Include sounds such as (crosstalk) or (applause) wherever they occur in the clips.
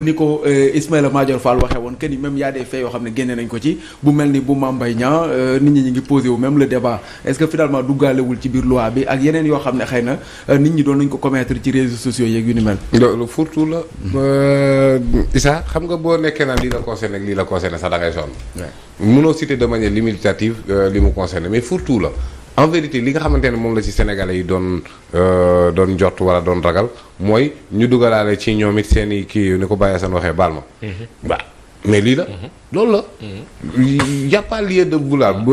ni ko euh, Ismaïla Madior Fall waxee woon que ni même y a des faits yoo xam ne génne nañ ko ci bu mel ni bu Mame Mbaye Niang euh, nit ñi ñu ngi posé wu même le débat est ce que finalement duggaalewul ci biir loi bi ak yeneen yoo xam ne xëy na euh, nit ñi doon nañ ko commentre ci réseaux sociaux yeeg yu ni mel. loolu furtu la. Issa xam nga boo nekkee naan lii la concerné ak lii la concerné sax da ngay sonn. mënoo citer de manière limitative li mu concerné mais furtu la. en vérité li nga xamante ne moom la ci sénégalais yi doon euh, doon jot wala doon ragal mooy ñu dugalaale ci ñoom it seen kii ni ko Baye seen waxee baal ma. waaw mhm. mais lii la. Mhm. loolu la. Mhm. y' a pas lieu de vouloir ah. ba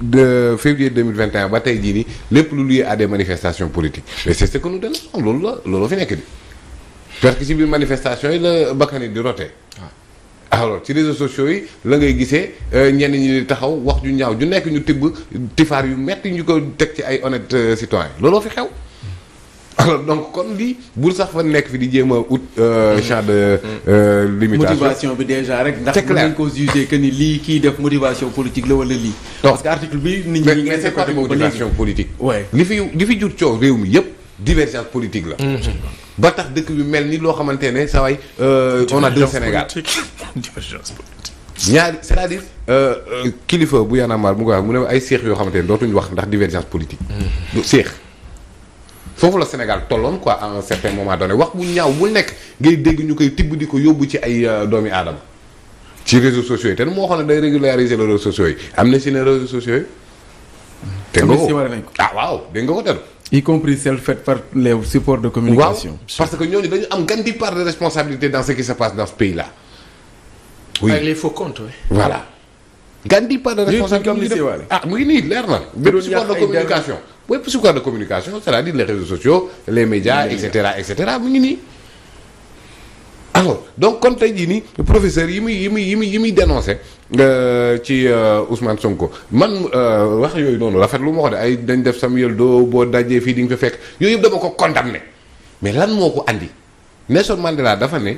de février 2021 ba tey jii lépp lu lié à des manifestations politiques mais c' loolu la fi nekk di parce que ci biir manifestation yi la bakkani yi di rotee. alors ci réseaux sociaux yi la ngay gisee euh, ñenn ñi di taxaw wax ju ñaaw ju nekk ñu tibb tifaar yu metti ñu ko teg ci ay honnête euh, citoyen looloo fi xew alors donc kon lii bul sax fa nekk fi di jéem a ut euh, mm-hmm. champ de limitation motivation bi déjà rek ndax mën nañ ko jugé lii kii def motivation politique la wala lii parce que article bi nit ñi mais c'est pas de motivation politique li fi li fi jur coow réew mi yëpp divergence politique la mm-hmm. ba tax dëkk bi mel ni loo xamante ne saa waay. Euh, on a deux Sénégal (laughs) divergence politique. ñaari cest à euh, euh, kilifa bu Y'en a mu ko wax ay seex yoo xamante ne dootuñu wax ndax divergence politique. Mm-hmm. du seex. foofu la Sénégal tolloon quoi à un certain moment wax bu ñaaw bu nekk ngay dégg ñu koy tibb di ko yóbbu ci ay doomi aadama ci réseaux sociaux yi te moo xam ne day régulariser les réseaux sociaux yi am na si ne réseaux sociaux yi. te nga ko ah waaw dégg nga ko teel. y compris celle faite par les supports de communication. waaw parce que ñooñu dañu am grande part de responsabilité dans ce qui se passe dans ce pays là. oui voilà. grande part de responsabilité ah mu ngi nii leer na. bépp support de communication bépp support de communication c'est-à-dire les réseaux sociaux les médias et cetera et cetera mu ngi nii. alors donc kon tey jii nii professeur yi muy yi muy yi muy yi muy dénoncé euh, euh, man euh, wax yooyu noonu rafetlu ma ko de ay dañ def Samuel Doe boo dajee fii di nga fa fekk yooyu yëpp dama ko condamné mais lan moo ko andi Nelson Mandela dafa ne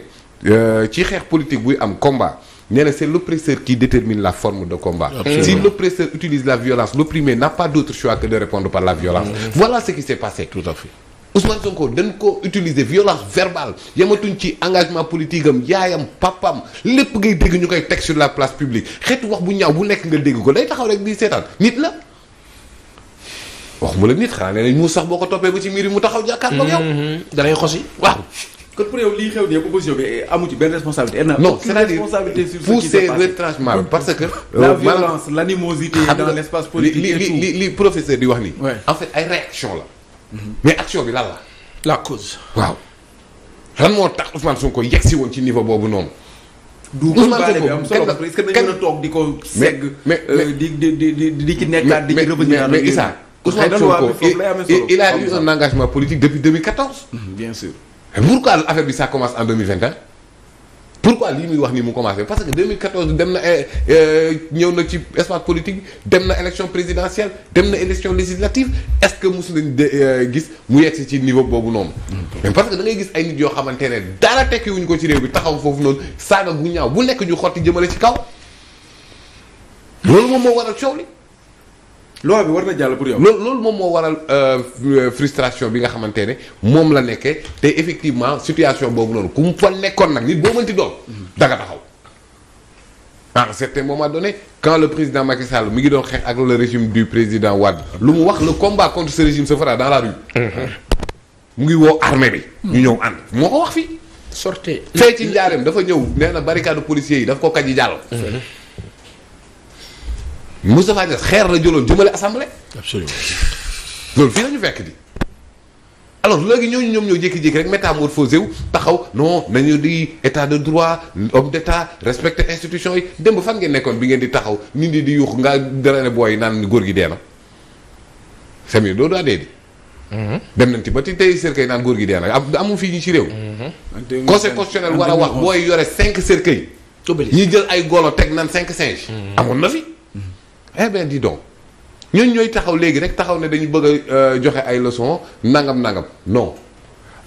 ci xeex politique buy am combat. nee na c'est l'oppresseur qui détermine la forme de combat Absolument. si l'oppresseur utilise la violence l'opprimé n'a pas d'autre choix que de répondre par la violence mmh. voilà ce qui s'est passé tout à fait Ousmane Sonko dañ ko utiliser violence verbale yamatuñ ci engagement politique am yaayam papam lépp ngay dégg ñu koy teg sur la place publique xeetu wax bu ñaaw bu nekk nga dégg ko day taxaw rek di seetaan nit la wax mu la nit xanaa nee nañ mu sax boo ko toppee ba ci miir yi mu taxaw jàkkaarloo yow. Mm-hmm. danay xosi waaw. kon pour yow lii xew nii opposition eh, benn responsabilité. non c'est-à-dire pour ces parce que. (laughs) la euh, violence l'animosité dans li wax nii. en fait mais action bi laal la. la cause. waaw lan moo tax Ousmane Sonko yegg si woon ci niveau boobu noonu. du baale bi am toog di ko segg. mais euh, di di di di ci nekkaat di ci revenir. mais Issa Ousmane Sonko il a eu un engagement politique depuis 2014. bien sûr. pourquoi affaire bi ça commence en 2021. pourquoi lii muy wax nii mu commencé parce que 2014 dem na euh, ñëw na ci espace politique dem na élection présidentielle dem na élection législative est-ce que mosu leen euh, gis mu yegsi ci niveau boobu noonu. mais parce que da ngay gis ay nit yoo xamante ne dara tekki wuñ ko ci réew bi taxaw foofu noonu saaga gu ñaaw bu nekk ñu xotti jëmale ci kaw loolu moom moo waral coow li. loi war na jàll pour yow. loolu moom moo waral euh, euh, frustration bi nga xamante ne moom la nekkee te effectivement situation boobu noonu ku mu fa nekkoon nag nit boo mënti doon. danga taxaw. à un certain moment donné quand le président Macky Sall mi ngi doon xeex ak le régime du président Wade lu mu wax le combat contre ce régime se fera dans la rue. Mm-hmm. mu ngi woo armée bi. ñu ñëw ànd moo ko wax fii. sortez fee ci njaareem dafa ñëw nee na barricade policiers yi daf ko kaji jàll. Mm-hmm. Moustapha Niasse xeer la jëloon jëmale assemblée. absolument loolu fii la fekk di alors léegi ñooñu ñoom ñoo jékki-jékki rek métamorphosé wu taxaw non nañu di état de droit homme d' état respecté institution yi démb fan nekkoon bi ngeen di taxaw nit di yuux nga dara ne booy naan góor gi dee na Samir doo daa dee di. Mhm. dem nañ ci tey cercueil naan góor gi dee na am amul fii ñu ci réew. Mhm. conseil constitutionnel war a wax booy yore cinq cercueil. ñi jël ay golo teg naan cinq singe. Mhm. amoon na fi. eh bien donc ñun ñooy taxaw léegi rek taxaw ne dañu bëgg a euh, joxe ay leçons nangam nangam no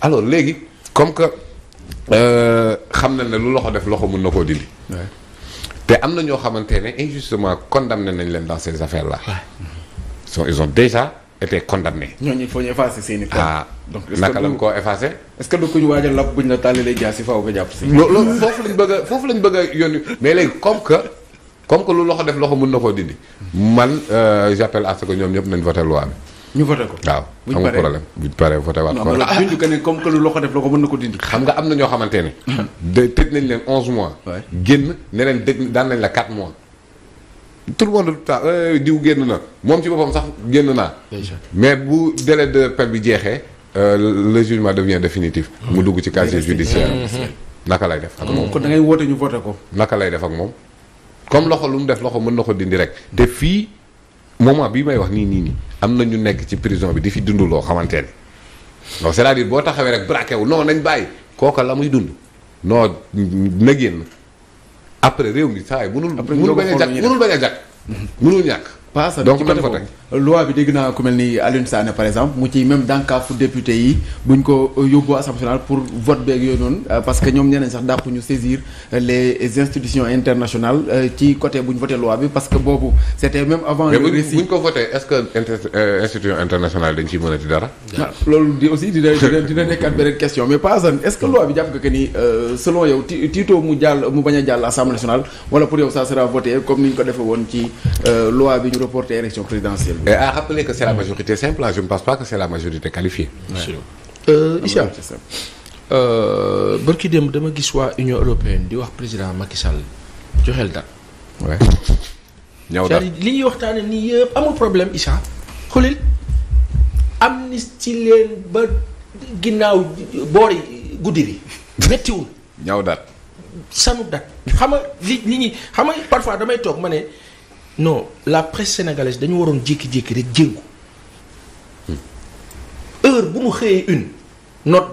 alors léegi comme que euh, xam na ne lu loxo def loxo mun na koo dindi. te am na ñoo xamante ne injustement condamné nañ leen dans ces la là. so ils ont déjà été condamnés. ñooñu il faut ñu effacer seen i. ah la ñu koo effacer. est-ce que du ko ñu waajal la buñ la tàllalee jaasi faaw nga jàpp si. foofu lañ bëgg a foofu lañ bëgg a yónni mais léegi comme que. comme que lu loxo def loxo mën na koo dindi. man euh, j'appelle à ce que ñoom ñëpp nañ voté loi bi. ñu voté ko waaw. buñ paree amul problème buñ paree voté waat. non mais comme que lu loxo def loxo mën na ko dindi. xam nga am na ñoo xamante ne. (laughs) de tëj nañ leen 11 mois. génn ne leen dëj daan nañ la 4 mois. tout le ta ah, euh, diw génn na moom ci boppam sax génn naa. mais bu délai de peine bi jeexee. Euh, le jugement devient définitif. mu dugg ci casier judiciaire naka lay def ak moom kon da ngay woote ñu voté ko. naka lay def ak moom. comme loxo lu mu def loxo mën na ko dindi rek te fii moment bii may wax nii nii nii am na ñu nekk ci prison bi di fi dund loo xamante ne non c'est-à-dire boo taxawee rek braqué wu non nañ bàyyi kooka la muy dund non na génn après réew mi saa yi mënul. après mënul bañ a jàkk mënul bañ a jàkk (laughs) mënul ñàkk. waaw sax donc nan fa teg loi bi dégg naa ku mel ni Alioune Sané par exemple mu ci même dànkaafu député yi buñ ko euh, yóbbu assemblée pour vote beeg yooyu noonu euh, parce que ñoom ñeneen sax dàpp ñu saisir euh, les institutions internationales ci côté buñ voté loi bi parce que boobu c' était avant. le récit buñ ko voté est ce que institution internationale dañ ciy mënati dara. Ah, loolu di aussi dina dina nekkaat beneen question mais pas est ce que loi reporter élection présidentielle bi. à rappeler que c'est la majorité simple je ne pense que c'est majorité qualifiée. Euh, euh, bërki démb dama gis waa Union européenne di wax président Macky Sall joxeel date. waaw ñëw li ñuy waxtaanee ni yëpp amul problème Issa xulil amnistie leen ba ginnaaw boori guddi bi méttiwul. ñaw date. sanu date xam li li ñuy xam parfois damay toog ma ne. no la presse sénégalaise dañu waroon jékki-jékki rek jéngu hmm. heure bu mu xëyee une note